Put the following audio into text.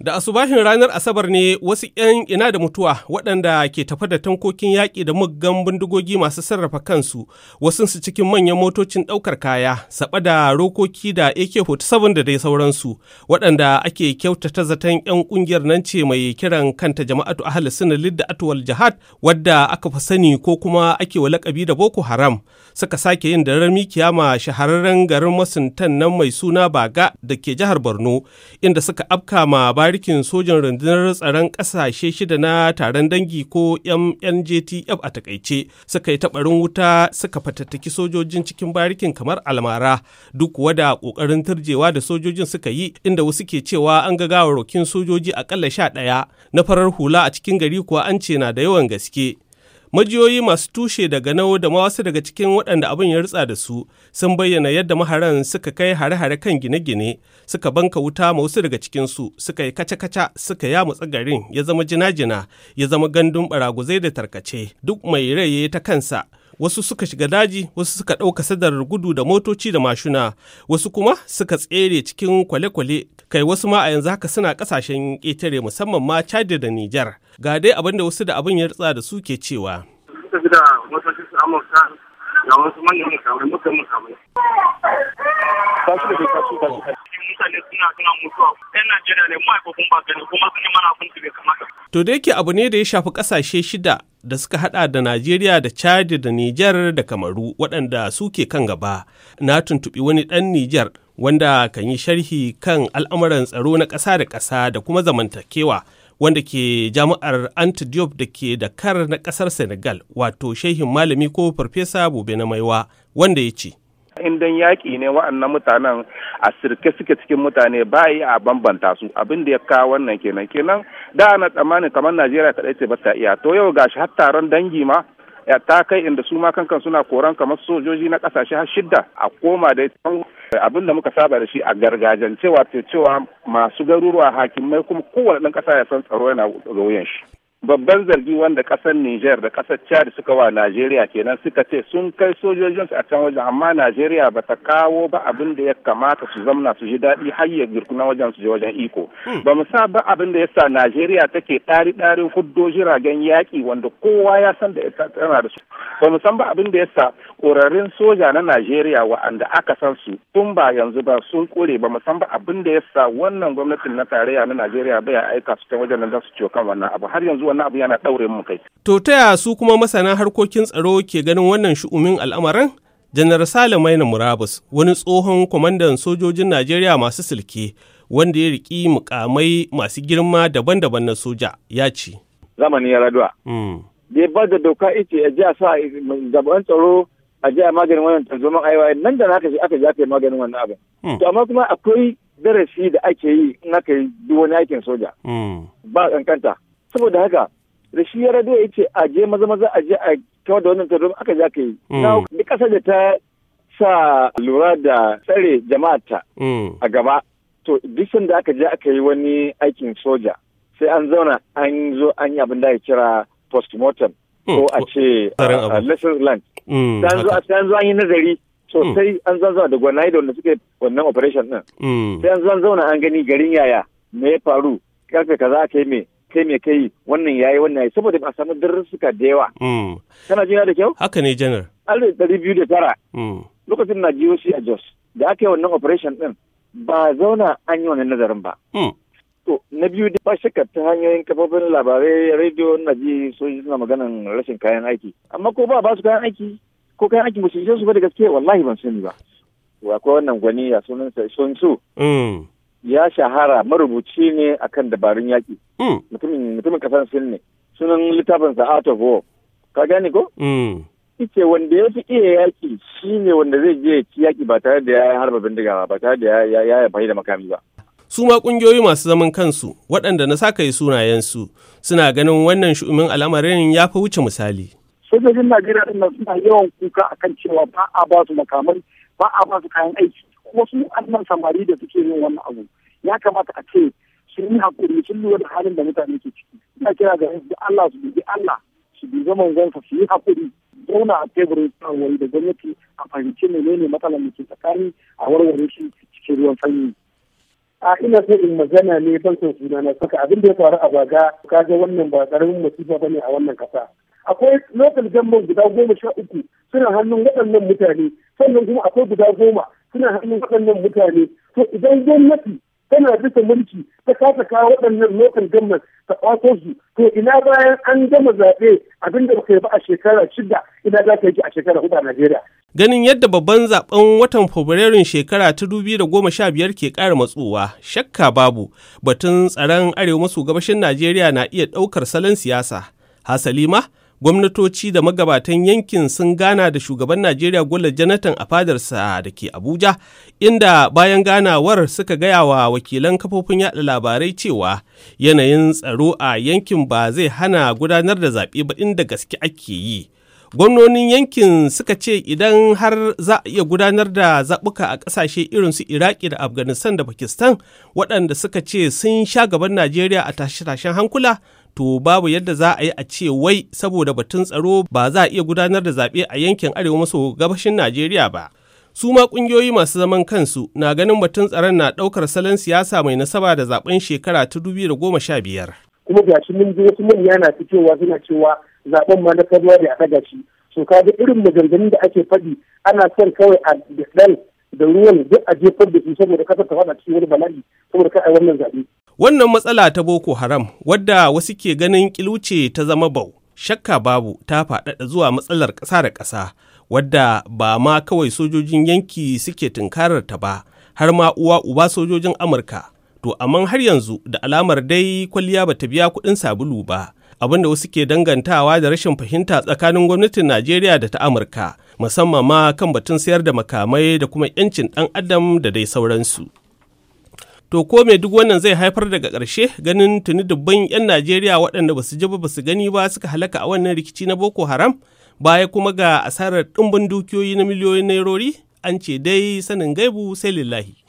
Da asubahin ranar Asabar ne wasu ‘yan ina da mutuwa waɗanda ke tafa da tankokin yaƙi da muggan bindigogi masu sarrafa kansu, wasunsu cikin manyan motocin ɗaukar kaya, saɓa da rokoki da AK-47 da dai sauransu, waɗanda ake kyautata zaton ‘yan ƙungiyar nan ce mai kiran kanta jama'atu ahli sunalid Lidda atuwal jihad wadda aka fi sani ko kuma ake wa lakabi da Boko Haram, suka sake yin daren mikiya ma shahararren garin masuntan nan mai suna Baga da ke jihar Borno, inda suka afka ma barikin sojan rundunar tsaron ƙasashe shida na taron dangi ko MNJTF a takaice suka yi taɓarin wuta suka fatattaki sojojin cikin barikin kamar almara duk wada ƙoƙarin turjewa da sojojin suka yi inda wasu ke cewa an ga gawarwakin sojoji aƙalla sha ɗaya na farar hula a cikin gari kuwa an ce na da yawan gaske. Majiyoyi masu tushe daga nau da ma wasu daga cikin waɗanda abin ya rutsa da su sun bayyana yadda maharan suka kai hare-hare kan gine-gine, suka banka wuta ma wasu daga cikin su suka yi kaca-kaca, suka ya yamutsa garin, ya zama jina-jina, ya zama gandun baraguzai da tarkace, duk mai rai ta kansa. wasu suka shiga daji wasu suka ɗauka sadar gudu da motoci da mashuna wasu kuma suka tsere cikin kwale-kwale kai wasu ma a yanzu haka suna ƙasashen ƙetare musamman ma chad da nijar ga dai abin da wasu da abin ya ritsa da su ke cewa da wasu manyan mutane To da yake abu ne da ya shafi ƙasashe shida da suka hada da Najeriya da Chad da Nijar da Kamaru waɗanda suke kan gaba. Na tuntuɓi wani ɗan Nijar wanda kan yi sharhi kan al'amuran tsaro na ƙasa da ƙasa da kuma zamantakewa wanda ke jami'ar Antidiop da ke Dakar na ƙasar Senegal wato shehin malami ko farfesa Bobe na Maiwa wanda ya ce. in dan yaƙi ne wa'annan mutanen a sirke suke cikin mutane ba yi a bambanta su abin da ya kawo wannan kenan kenan da ana tsammanin kamar najeriya kaɗai ce ta iya to yau gashi har taron dangi ma ya ta kai inda su ma kankan suna koran kamar sojoji na ƙasashe har shidda a koma da eh, abin da muka saba da shi a gargajen cewa cewa masu garuruwa hakimai kuma kowane ɗan ƙasa ya san tsaro yana ga wuyan shi babban zargi wanda kasar Nijar da kasar Chad suka wa Najeriya kenan suka ce sun kai sojojin su a can wajen amma Najeriya ba ta kawo ba abin da ya kamata su zamna su ji daɗi har ya girkuna wajen su je wajen iko. Hmm. Ba mu sa ba abin da ya sa Najeriya take ɗari ɗari huddo jiragen yaƙi wanda kowa ya san da ita tana da su. Ba mu san ba abin da ya sa soja na Najeriya wa'anda aka san su tun ba yanzu ba sun ƙure ba mu san ba abin da ya sa wannan gwamnatin na tarayya na Najeriya ba ya aika su ta wajen nan za su ciwo kan wannan abu har yanzu wannan abu yana ɗaure mun kai. To ta yaya su kuma masana harkokin tsaro ke ganin wannan shu'umin al'amarin? Janar salim Maina Murabus wani tsohon kwamandan sojojin Najeriya masu silke wanda ya riƙi mukamai masu girma daban-daban na soja ya ce. Zamani ya raduwa. Hmm. Da ya da doka ita ya ji a sa gaban tsaro a ji a maganin wannan tarzoman aiwa nan da aka aka ji aka maganin wannan abin. Hmm. To amma kuma akwai darasi da ake yi in aka yi duk wani aikin soja. Hmm. Ba kankanta. saboda haka da shi ya rado ya ce a je maza maza a je a kawar da wannan tarzoma aka je aka yi mm. duk ƙasar da ta sa lura da tsare jama'ata mm. a gaba to duk sanda aka je aka yi wani aikin soja sai an zauna an zo an yi abin da ake kira postmortem mm. ko a ce lessons learned sai an zo an yi nazari sosai an zauna da gwanaye da wanda suke wannan operation din sai an zauna an gani garin yaya me ya faru karfe kaza aka yi me kai me kai wannan yayi wannan yayi saboda ba samu darussuka da yawa mm. kana jina da kyau haka ne janar alif dari biyu da tara mm. lokacin na shi a Jos da aka yi wannan operation din ba zauna an yi wannan nazarin ba mm. to na biyu da ba shakka ta hanyoyin kafofin labarai rediyo na ji sojoji suna maganan rashin kayan aiki amma ko ba ba su kayan aiki ko kayan aiki musu su ba da gaske wallahi ban sani ba akwai wannan gwani ya sunan sun su ya shahara marubuci ne akan dabarun yaƙi. Hmm. Mutumin kasan sin ne. Sunan littafinsa Art of War. Ka gane ko? Ice hmm. wanda ya fi iya yaƙi shi ne wanda zai je ci yaƙi ba tare da ya harba bindiga ba tare da ya yafa da makami ba. Su ma ƙungiyoyi masu zaman kansu waɗanda na saka yi sunayensu suna ganin wannan shu'umin al'amarin ya fi wuce misali. Sojojin Najeriya suna yawan kuka akan cewa ba a ba su makamai ba a ba su kayan aiki. wasu annan samari da suke yin wannan abu ya kamata a ce sun yi hakuri sun lura da halin da mutane ke ciki ina kira ga yanzu Allah su bi Allah su bi zaman manzansa su yi hakuri zauna a teburin tsawon da gwamnati a fahimci menene matsalar da ke tsakani a warware shi cikin ruwan sanyi. a ina so in magana ne ban son suna na saka abin da ya faru a baga kaga wannan ba karamin masifa ba ne a wannan kasa akwai local government guda goma sha uku suna hannun waɗannan mutane sannan kuma akwai guda goma suna hannun waɗannan mutane to idan gwamnati tana bisa mulki ta kasa kawo waɗannan lokal gwamnati ta kwato su to ina bayan an gama zaɓe abinda ba yi ba a shekara shida ina za ka yi a shekara hudu a Najeriya. Ganin yadda babban zaben watan Fabrairun shekara ta da goma sha biyar ke ƙara matsowa, shakka babu batun tsaron arewa maso gabashin Najeriya na iya ɗaukar salon siyasa. Hasali ma, gwamnatoci da magabatan yankin sun gana da shugaban Najeriya gwala Jonathan a fadarsa da ke Abuja, inda bayan ganawar suka gaya wa wakilan kafofin yaɗa labarai cewa yanayin tsaro a yankin ba zai hana gudanar da zaɓe ba inda gaske ake yi. Gwamnonin yankin suka ce idan har za a iya gudanar da zaɓuka a ƙasashe irin su Iraki da Afghanistan da Pakistan waɗanda suka ce sun sha gaban Najeriya a tashe-tashen hankula to babu yadda za a yi a ce wai saboda batun tsaro ba za a iya gudanar da zaɓe a yankin arewa maso gabashin Najeriya ba. Su ma ƙungiyoyi masu zaman kansu na ganin batun tsaron na ɗaukar salon siyasa mai nasaba da zaɓen shekara ta da goma sha biyar. Kuma ga shi mun wasu manya na fitowa suna cewa zaɓen ma na February a daga shi. So ka irin maganganun da ake faɗi ana son kawai a dan da ruwan duk a jefar da su saboda kasar ta fada cikin wani bala'i saboda kai wannan zaɓe. Wannan matsala ta Boko Haram wadda wasu ke ganin kiluce ta zama bau shakka babu ta faɗaɗa zuwa matsalar ƙasa da ƙasa wadda ba ma kawai sojojin yanki suke tunkarar ta ba har ma uwa uba sojojin Amurka. To amma har yanzu da alamar dai kwalliya bata biya kuɗin sabulu ba abinda wasu ke dangantawa da rashin fahimta tsakanin gwamnatin Najeriya da ta Amurka. musamman ma kan batun sayar da makamai da kuma 'yancin ɗan adam da dai sauransu. To ko me duk wannan zai haifar daga ƙarshe ganin tuni dubban 'yan Najeriya waɗanda ba su ji ba su gani ba suka halaka a wannan rikici na Boko Haram baya kuma ga asarar ɗumbin dukiyoyi na miliyoyin nairori an ce dai sanin gaibu sai lillahi.